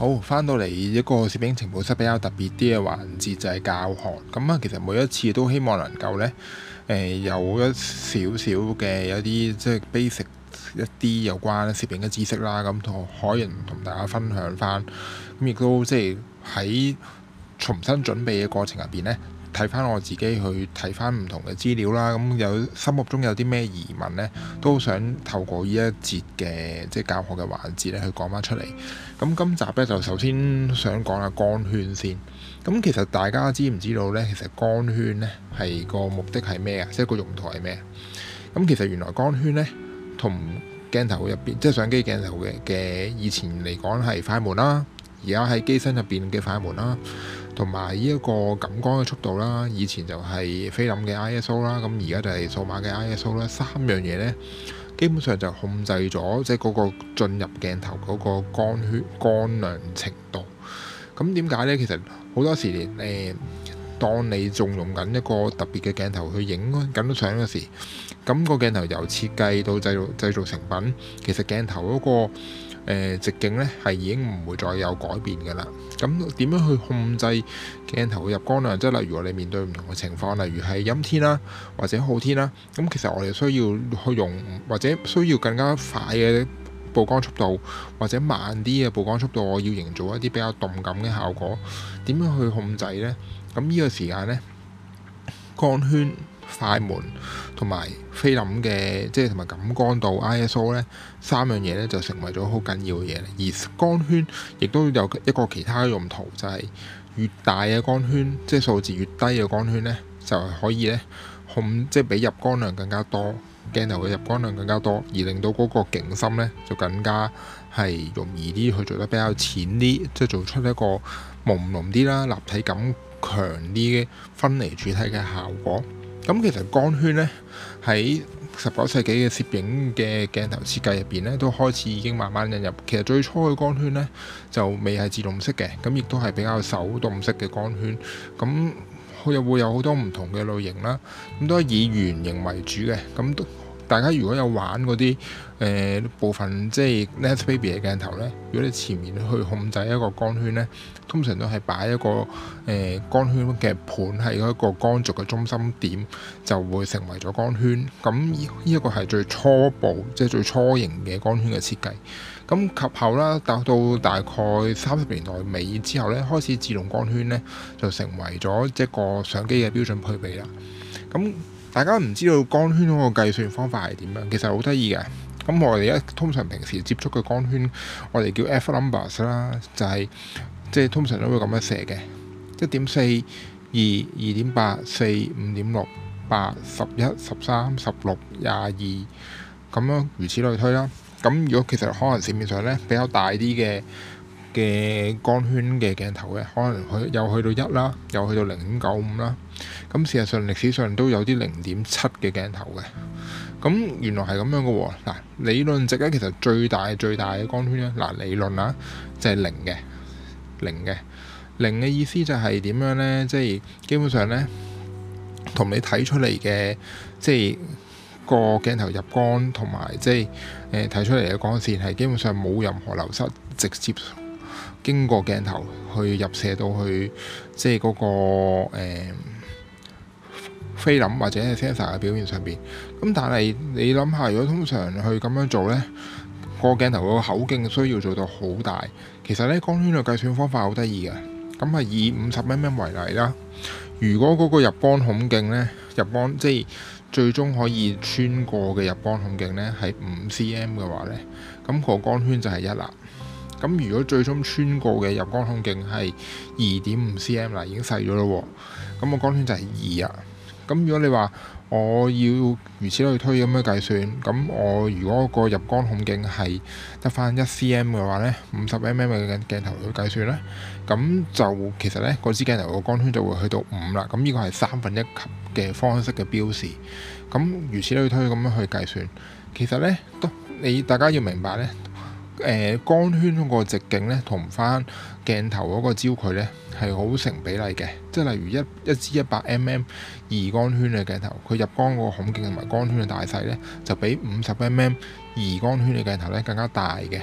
好，翻到嚟一個攝影情報室比較特別啲嘅環節就係教學。咁啊，其實每一次都希望能夠呢，誒、呃、有一少少嘅有啲即係 basic 一啲有關攝影嘅知識啦，咁同海人同大家分享翻。咁亦都即係喺重新準備嘅過程入邊呢。睇翻我自己去睇翻唔同嘅資料啦，咁有心目中有啲咩疑問呢？都想透過呢一節嘅即係教學嘅環節咧去講翻出嚟。咁今集呢，就首先想講下光圈先。咁其實大家知唔知道呢？其實光圈呢係個目的係咩啊？即係個用途係咩啊？咁其實原來光圈呢，同鏡頭入邊，即係相機鏡頭嘅嘅以前嚟講係快門啦、啊，而家喺機身入邊嘅快門啦、啊。同埋呢一個感光嘅速度啦，以前就係菲林嘅 ISO 啦，咁而家就係數碼嘅 ISO 啦，三樣嘢呢，基本上就控制咗即係嗰個進入鏡頭嗰個光圈光亮程度。咁點解呢？其實好多時誒、欸，當你仲用緊一個特別嘅鏡頭去影緊相嘅時，咁、嗰個鏡頭由設計到製造製造成品，其實鏡頭嗰、嗰個。直徑呢係已經唔會再有改變㗎啦。咁點樣去控制鏡頭嘅入光量？即係例如我哋面對唔同嘅情況，例如係陰天啦、啊，或者好天啦、啊。咁其實我哋需要去用，或者需要更加快嘅曝光速度，或者慢啲嘅曝光速度。我要營造一啲比較動感嘅效果，點樣去控制呢？咁呢個時間呢，光圈。快門同埋菲林嘅，即係同埋感光度 I S O 呢三樣嘢呢，就成為咗好緊要嘅嘢。而光圈亦都有一個其他用途，就係越大嘅光圈，即係數字越低嘅光圈呢，就可以呢控，即係比入光量更加多，鏡頭嘅入光量更加多，而令到嗰個景深呢，就更加係容易啲去做得比較淺啲，即係做出一個朦朧啲啦，立體感強啲嘅分離主體嘅效果。咁其實光圈呢，喺十九世紀嘅攝影嘅鏡頭設計入邊呢，都開始已經慢慢引入。其實最初嘅光圈呢，就未係自動式嘅，咁亦都係比較手動式嘅光圈。咁佢又會有好多唔同嘅類型啦，咁都係以圓形為主嘅，咁都。大家如果有玩嗰啲誒部分即係 Lensbaby 嘅鏡頭呢，如果你前面去控制一個光圈呢，通常都係擺一個誒、呃、光圈嘅盤喺一個光軸嘅中心點，就會成為咗光圈。咁呢一個係最初步，即係最初型嘅光圈嘅設計。咁及後啦，達到大概三十年代尾之後呢，開始自動光圈呢，就成為咗即個相機嘅標準配備啦。咁大家唔知道光圈嗰個計算方法係點樣，其實好得意嘅。咁我哋而家通常平時接觸嘅光圈，我哋叫 f-numbers 啦，就係，就係即係通常都會咁樣寫嘅，一點四、二、二點八、四、五點六、八、十一、十三、十六、廿二，咁樣如此類推啦。咁如果其實可能市面上呢比較大啲嘅嘅光圈嘅鏡頭咧，可能去又去到一啦，又去到零點九五啦。咁事實上歷史上都有啲零點七嘅鏡頭嘅。咁原來係咁樣嘅喎。嗱，理論值咧，其實最大最大嘅光圈咧，嗱、啊、理論啦、啊，就係零嘅，零嘅零嘅意思就係點樣咧？即係基本上咧，同你睇出嚟，嘅即係個鏡頭入光同埋即係誒睇出嚟嘅光線係基本上冇任何流失，直接。經過鏡頭去入射到去即係嗰、嗰個、欸、菲林或者係 sensor 嘅表面上邊。咁但係你諗下，如果通常去咁樣做呢，嗰個鏡頭個口徑需要做到好大。其實呢，光圈嘅計算方法好得意嘅。咁係以五十 mm 為例啦。如果嗰個入光孔徑呢，入光即係最終可以穿過嘅入光孔徑呢，係五 cm 嘅話呢，咁、嗰個光圈就係一啦。咁如果最終穿過嘅入光孔徑係二點五 c m 嗱，已經細咗咯喎。咁個光圈就係二啊。咁如果你話我要如此類推咁樣計算，咁我如果個入光孔徑係得返一 c m 嘅話呢，五十 m m 嘅鏡頭去計算呢。咁就其實呢，嗰支鏡頭個光圈就會去到五啦。咁呢個係三分一級嘅方式嘅標示。咁如此類推咁樣去計算，其實呢，都你大家要明白呢。呃、光圈嗰個直徑呢，同翻鏡頭嗰個焦距呢，係好成比例嘅，即係例如一一支一百 mm 二光圈嘅鏡頭，佢入光嗰個孔徑同埋光圈嘅大細呢，就比五十 mm 二光圈嘅鏡頭呢更加大嘅。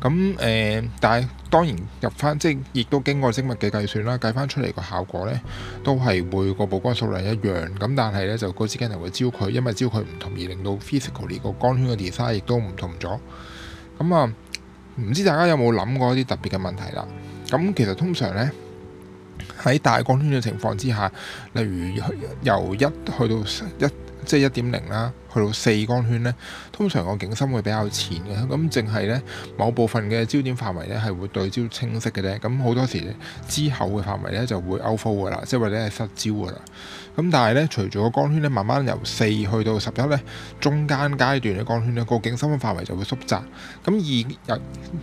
咁誒、呃，但係當然入翻即亦都經過精密嘅計算啦，計翻出嚟個效果呢，都係每個曝光數量一樣咁，但係呢，就嗰支鏡頭嘅焦距，因為焦距唔同而令到 physically 個光圈嘅 design 亦都唔同咗。咁啊，唔、嗯、知大家有冇諗過一啲特別嘅問題啦？咁、嗯、其實通常呢，喺大光圈嘅情況之下，例如由一去到一，即係一點零啦。去到四光圈呢，通常個景深會比較淺嘅，咁淨係呢某部分嘅焦點範圍呢，係會對焦清晰嘅呢，咁好多時之後嘅範圍呢，就會 out 焦㗎啦，即係或者係失焦㗎啦。咁但係呢，隨住個光圈呢，慢慢由四去到十一呢，中間階段嘅光圈呢，個景深嘅範圍就會縮窄。咁以入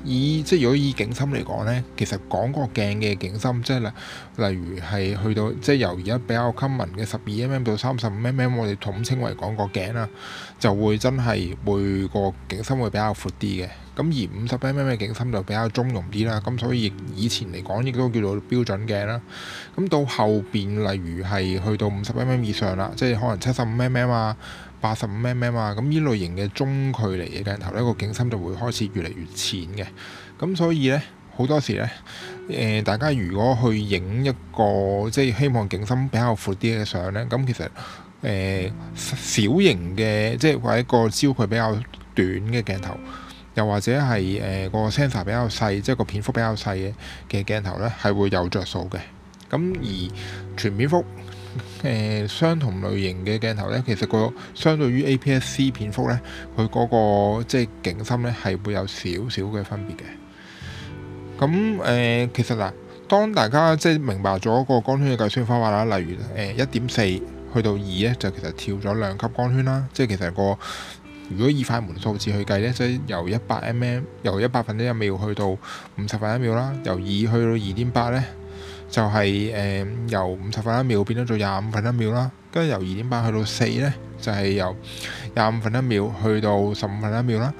以即係如果以景深嚟講呢，其實廣角鏡嘅景深即係例例如係去到即係由而家比較 common 嘅十二 mm 到三十五 mm，我哋統稱為廣角鏡啦。就會真係會個景深會比較闊啲嘅，咁而五十 mm 嘅景深就比較中庸啲啦，咁所以以前嚟講，亦都叫做標準鏡啦。咁到後邊，例如係去到五十 mm 以上啦，即係可能七十五 mm 啊、八十五 mm 啊，咁呢類型嘅中距離嘅鏡頭呢，個景深就會開始越嚟越淺嘅。咁所以呢，好多時呢，誒，大家如果去影一個即係希望景深比較闊啲嘅相呢，咁其實～誒、呃、小型嘅，即係或者個焦距比較短嘅鏡頭，又或者係誒、呃個 sensor 比較細，即係個片幅比較細嘅嘅鏡頭呢，係會有着數嘅。咁而全片幅誒相同類型嘅鏡頭呢，其實、個相對於 APS-C 片幅呢，佢嗰個即係景深呢，係會有少少嘅分別嘅。咁誒、呃，其實嗱，當大家即係明白咗個光圈嘅計算方法啦，例如誒一點四。呃去到二呢，就其實跳咗兩級光圈啦，即係其實個如果以快門數字去計呢，即係由一百 mm 由一百分之一秒去到五十分一秒啦，由二去到二點八呢，就係誒由五十分一秒變咗做廿五分一秒啦，跟住由二點八去到四呢，就係由廿五分一秒去到十五分一秒啦，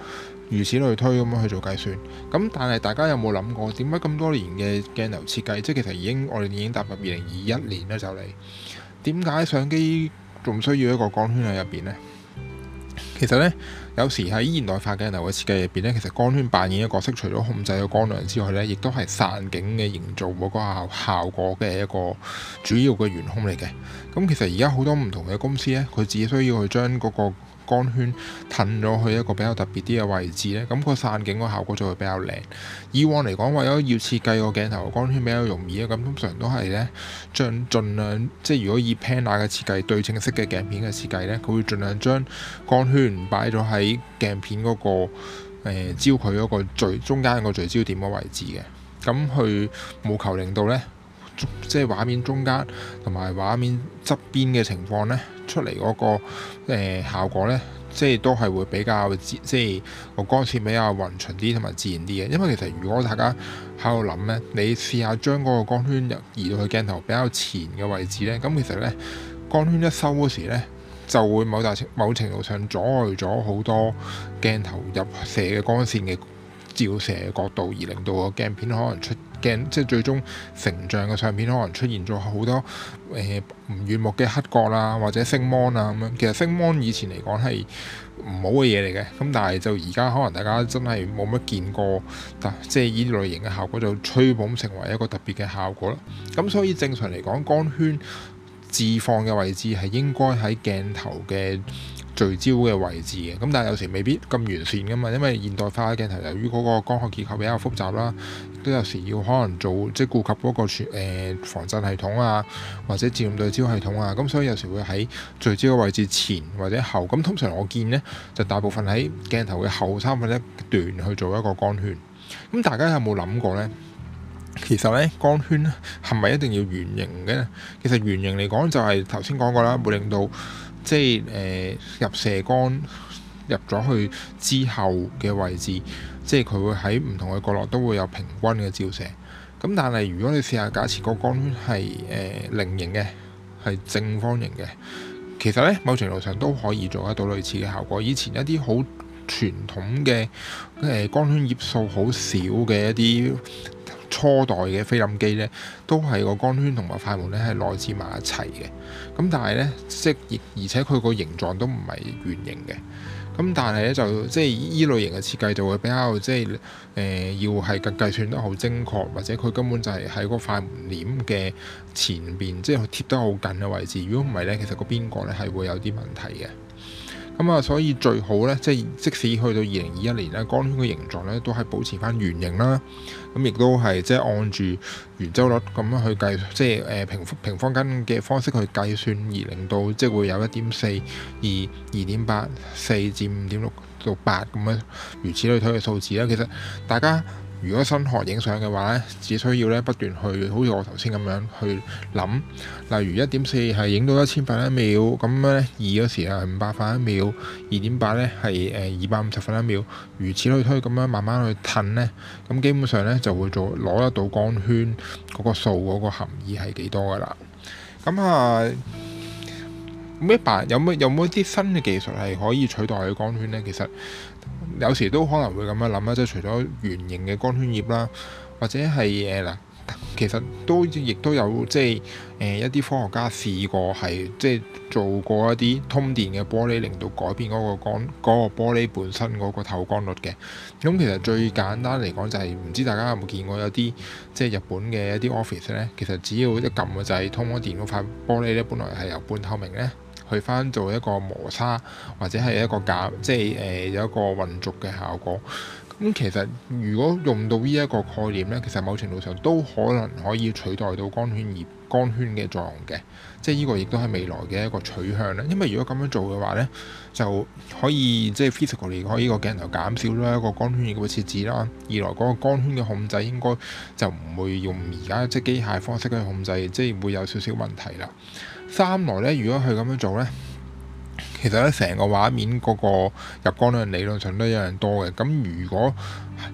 如此類推咁樣去做計算。咁但係大家有冇諗過點解咁多年嘅鏡頭設計，即係其實已經我哋已經踏入二零二一年呢？就嚟。點解相機仲需要一個光圈喺入邊呢？其實呢，有時喺現代化嘅鏡頭嘅設計入邊咧，其實光圈扮演嘅角色，除咗控制個光量之外呢，亦都係散景嘅營造嗰個效果嘅一個主要嘅元凶嚟嘅。咁、嗯、其實而家好多唔同嘅公司呢，佢只需要去將嗰、那個光圈褪咗去一個比較特別啲嘅位置咧，咁個散景個效果就會比較靚。以往嚟講，為咗要設計個鏡頭，光圈比較容易，啊，咁通常都係咧將盡量即係如果以 Panner 嘅設計對稱式嘅鏡片嘅設計咧，佢會盡量將光圈擺咗喺鏡片嗰、那個誒、呃、焦距嗰個最中間個聚焦點嘅位置嘅，咁去務求令到咧。即係畫面中間同埋畫面側邊嘅情況呢，出嚟嗰、那個、呃、效果呢，即係都係會比較即係個光線比較均勻啲同埋自然啲嘅。因為其實如果大家喺度諗呢，你試下將嗰個光圈移，移到去鏡頭比較前嘅位置呢，咁、嗯、其實呢，光圈一收嗰時呢，就會某大某程度上阻礙咗好多鏡頭入射嘅光線嘅照射嘅角度，而令到個鏡片可能出。鏡即係最終成像嘅相片，可能出現咗好多誒唔悅目嘅黑角啦、啊，或者星芒啊咁樣。其實星芒以前嚟講係唔好嘅嘢嚟嘅，咁但係就而家可能大家真係冇乜見過，但即係呢類型嘅效果就吹捧成為一個特別嘅效果啦。咁所以正常嚟講，光圈置放嘅位置係應該喺鏡頭嘅。聚焦嘅位置嘅咁，但係有時未必咁完善噶嘛，因為現代化嘅鏡頭由於嗰個光學結構比較複雜啦，都有時要可能做即係顧及嗰、嗰個、呃、防震系統啊，或者自動對焦系統啊，咁所以有時會喺聚焦嘅位置前或者後咁。通常我見呢，就大部分喺鏡頭嘅後三分一段去做一個光圈。咁大家有冇諗過呢？其實呢，光圈係咪一定要圓形嘅呢？其實圓形嚟講就係頭先講過啦，會令到即係誒、呃、入射光入咗去之後嘅位置，即係佢會喺唔同嘅角落都會有平均嘅照射。咁但係如果你試下假設個光圈係誒菱形嘅，係正方形嘅，其實呢某程度上都可以做得到類似嘅效果。以前一啲好傳統嘅誒光圈葉數好少嘅一啲。初代嘅菲林機呢，都係個光圈同埋快門呢係內置埋一齊嘅。咁但係呢，即而且佢個形狀都唔係圓形嘅。咁但係呢，就即係依類型嘅設計就會比較即係、呃、要係計算得好精確，或者佢根本就係喺個快門簾嘅前面，即係貼得好近嘅位置。如果唔係呢，其實個邊角呢係會有啲問題嘅。咁啊、嗯，所以最好呢，即係即使去到二零二一年呢，光圈嘅形狀呢都係保持翻圓形啦。咁、嗯、亦都係即係按住圓周率咁樣去計，即係誒平平方根嘅方式去計算，而令到即係會有一點四、二、二點八、四至五點六到八咁樣，如此類推嘅數字啦。其實大家。如果新學影相嘅話咧，只需要咧不斷去，好似我頭先咁樣去諗。例如一點四係影到一千分一秒咁樣咧，二嗰時啊係五百分一秒，二點八呢係誒二百五十分一秒，如此類推咁樣慢慢去褪呢。咁基本上呢，就會做攞得到光圈嗰個數嗰、嗰個含義係幾多噶啦。咁啊，咩辦有冇有冇啲新嘅技術係可以取代嘅光圈呢？其實有時都可能會咁樣諗啦，即係除咗圓形嘅光圈葉啦，或者係誒嗱，其實都亦都有即係誒、呃、一啲科學家試過係即係做過一啲通電嘅玻璃，令到改變嗰個光嗰、嗰個、玻璃本身嗰個透光率嘅。咁其實最簡單嚟講就係、係、唔知大家有冇見過有啲即係日本嘅一啲 office 咧，其實只要一撳嘅就係通咗電嗰塊玻璃咧，本來係由半透明咧。去翻做一個磨砂，或者係一個減，即係誒有一個混濁嘅效果。咁其實如果用到呢一個概念咧，其實某程度上都可能可以取代到光圈葉。光圈嘅作用嘅，即係呢個亦都係未來嘅一個取向啦。因為如果咁樣做嘅話咧，就可以即係、就是、physically 可以個鏡頭減少啦，一個光圈嘅設置啦。二來嗰個光圈嘅控制應該就唔會用而家即機械方式去控制，即係會有少少問題啦。三來咧，如果佢咁樣做咧，其實咧成個畫面嗰個入光量理論上都一樣多嘅。咁如果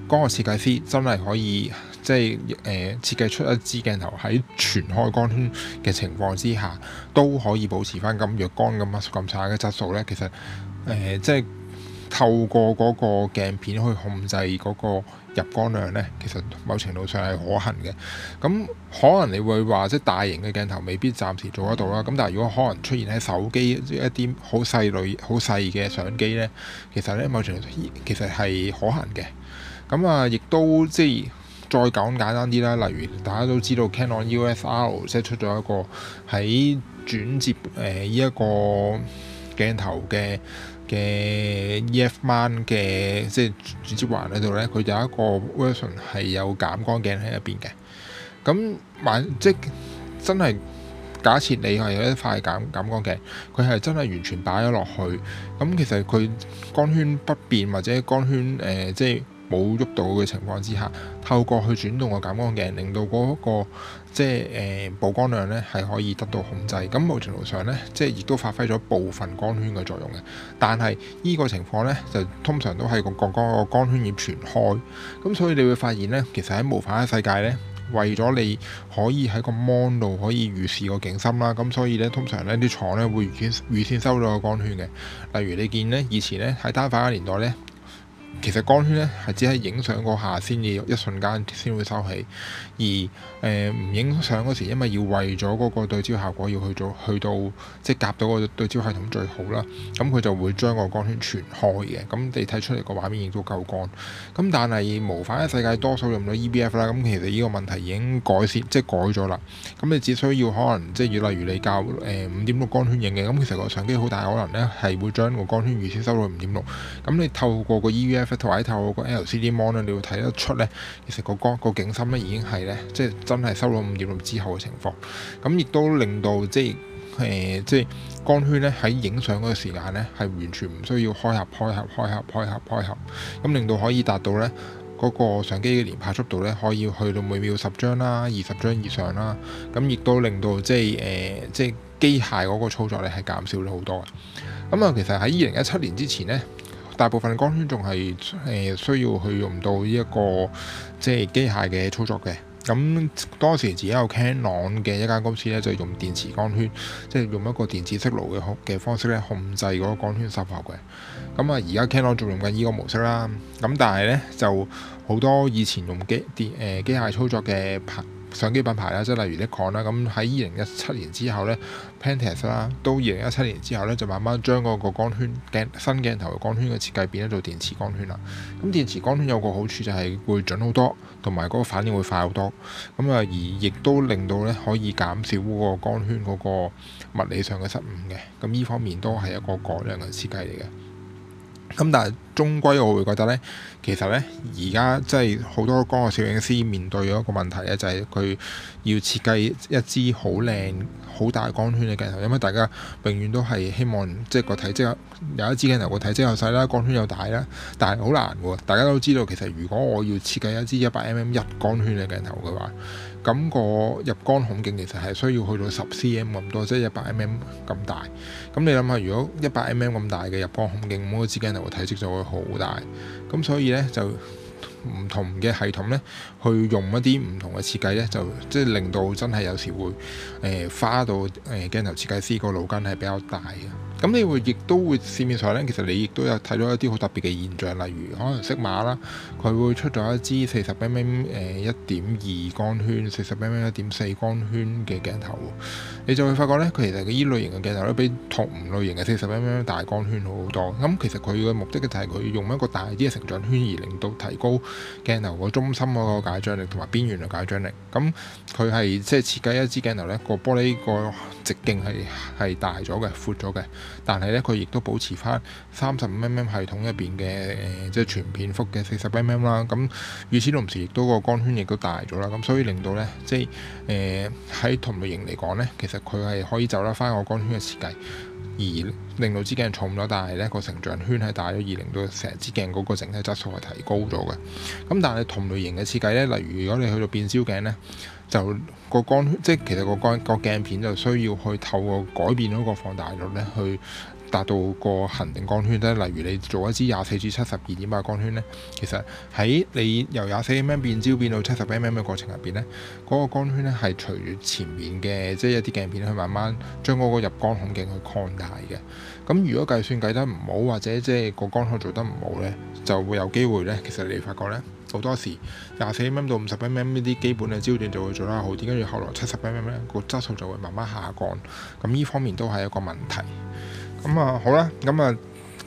嗰個設計師真係可以。即係誒、呃、設計出一支鏡頭喺全開光圈嘅情況之下，都可以保持返咁弱光咁咁差嘅質素呢，其實誒、呃、即係透過嗰個鏡片去控制嗰個入光量呢，其實某程度上係可行嘅。咁可能你會話，即係大型嘅鏡頭未必暫時做得到啦。咁但係如果可能出現喺手機一啲好細類好細嘅相機呢，其實呢某程度上其實係可行嘅。咁啊，亦都即係。再講簡單啲啦，例如大家都知道 Canon EOS R 即係出咗一個喺轉接誒依一個鏡頭嘅嘅 EF 環嘅，即係轉接環喺度呢佢有一個 version 係有減光鏡喺入邊嘅。咁買即係真係假設你係有一塊減減光鏡，佢係真係完全擺咗落去。咁其實佢光圈不變或者光圈誒、呃、即係。冇喐到嘅情況之下，透過去轉動個減光鏡，令到嗰、那個即係誒、呃、曝光量呢係可以得到控制。咁某程度上呢，即係亦都發揮咗部分光圈嘅作用嘅。但係呢、這個情況呢，就通常都係個降光光圈葉全開。咁所以你會發現呢，其實喺無反嘅世界呢，為咗你可以喺個芒度可以預視個景深啦。咁所以呢，通常呢啲廠呢會預預先，先收到個光圈嘅。例如你見呢，以前呢，喺單反嘅年代呢。其實光圈呢，係只喺影相嗰下先至，一瞬間先會收起。而誒唔影相嗰時，因為要為咗嗰個對焦效果，要去做去到即係夾到個對焦系統最好啦。咁佢就會將個光圈全開嘅。咁你睇出嚟個畫面已經夠光。咁但係無反嘅世界多數用到 E-B-F 啦。咁其實呢個問題已經改善，即係改咗啦。咁你只需要可能即係例如你校誒五點六光圈影嘅，咁其實個相機好大可能咧係會將個光圈預先收到五點六。咁你透過個 E-B-F 同埋透過個 L-C-D mon 咧，你要睇得出咧，其實個光個景深咧已經係。即係真係收到五點六之後嘅情況，咁亦都令到即係誒、呃、即係光圈咧喺影相嗰個時間咧係完全唔需要開合開合開合開合開合，咁、嗯、令到可以達到咧嗰、那個相機嘅連拍速度咧可以去到每秒十張啦、二十張以上啦，咁、嗯、亦都令到即係誒、呃、即係機械嗰個操作咧係減少咗好多嘅。咁、嗯、啊，其實喺二零一七年之前咧，大部分光圈仲係誒需要去用到呢一個即係機械嘅操作嘅。咁當時自己有 Canon 嘅一間公司咧，就用電磁光圈，即係用一個電子色爐嘅嘅方式咧控制嗰個光圈執拍嘅。咁啊，而家 Canon 仲用緊呢個模式啦。咁但係咧就好多以前用機電誒機械操作嘅拍相機品牌啦，即係例如你講啦，咁喺二零一七年之後呢，Panasonic 啦，到二零一七年之後呢，就慢慢將嗰個光圈鏡新鏡頭光圈嘅設計變咗做電磁光圈啦。咁電磁光圈有個好處就係會準好多，同埋嗰個反應會快好多。咁啊，而亦都令到呢可以減少個光圈嗰個物理上嘅失誤嘅。咁呢方面都係一個改良嘅設計嚟嘅。咁但係。終歸我會覺得呢，其實呢，而家即係好多光學攝影師面對咗一個問題呢，就係、是、佢要設計一支好靚、好大光圈嘅鏡頭，因為大家永遠都係希望即係個體積有一支鏡頭個體積又細啦，光圈又大啦，但係好難喎。大家都知道，其實如果我要設計一支一百 mm 入光圈嘅鏡頭嘅話，咁、那個入光孔徑其實係需要去到十 cm 咁多，即係一百 mm 咁大。咁你諗下，如果一百 mm 咁大嘅入光孔徑，咁、那個支鏡頭個體積就～好大，咁所以呢，就唔同嘅系統呢，去用一啲唔同嘅設計呢，就即係令到真係有時會誒、呃、花到誒、呃、鏡頭設計師個腦筋係比較大嘅。咁你會亦都會市面上呢，其實你亦都有睇到一啲好特別嘅現象，例如可能適馬啦，佢會出咗一支四十 mm 誒一點二光圈、四十 mm 一點四光圈嘅鏡頭，你就會發覺呢，佢其實嘅呢類型嘅鏡頭咧，比同類型嘅四十 mm 大光圈好好多。咁其實佢嘅目的就係佢用一個大啲嘅成像圈，而令到提高鏡頭個中心嗰個解像力同埋邊緣嘅解像力。咁佢係即係設計一支鏡頭呢，個玻璃個直徑係係大咗嘅、闊咗嘅。但係咧，佢亦都保持翻三十五 mm 系統入邊嘅誒，即係全片幅嘅四十 mm 啦、啊。咁與此同時，亦都個光圈亦都大咗啦。咁、啊、所以令到咧，即係誒喺同類型嚟講咧，其實佢係可以走得翻個光圈嘅設計，而令到支鏡重咗。但係咧，個成像圈係大咗，而令到成支鏡嗰個整體質素係提高咗嘅。咁、啊、但係同類型嘅設計咧，例如如果你去到變焦鏡咧。就個光圈，即係其實個光個鏡片就需要去透過改變嗰個放大率咧，去達到個恒定光圈咧。例如你做一支廿四至七十二點八光圈咧，其實喺你由廿四 mm 變焦變到七十 mm 嘅過程入邊咧，嗰個光圈咧係隨住前面嘅即係一啲鏡片去慢慢將嗰個入光孔徑去擴大嘅。咁如果計算計得唔好，或者即係個光圈做得唔好咧，就會有機會咧，其實你發覺咧。好多時廿四 mm 到五十 mm 呢啲基本嘅焦段就會做得好啲，跟住後來七十 mm 呢個質素就會慢慢下降。咁呢方面都係一個問題。咁啊好啦，咁啊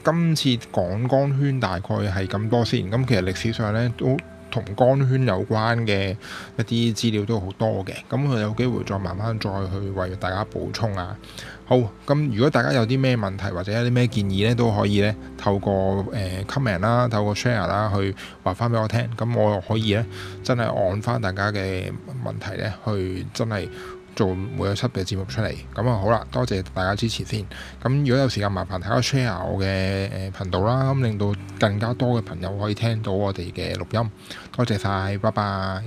今次講光圈大概係咁多先。咁其實歷史上呢，都同光圈有關嘅一啲資料都好多嘅，咁佢有機會再慢慢再去為大家補充啊。好，咁如果大家有啲咩問題或者有啲咩建議呢，都可以呢透過誒、呃、comment 啦，透過 share 啦去話翻俾我聽，咁我可以呢真係按翻大家嘅問題呢去真係。做每一輯嘅節目出嚟，咁啊好啦，多謝大家支持先。咁如果有時間，麻煩大家 share 我嘅誒頻道啦，咁令到更加多嘅朋友可以聽到我哋嘅錄音。多謝晒，拜拜。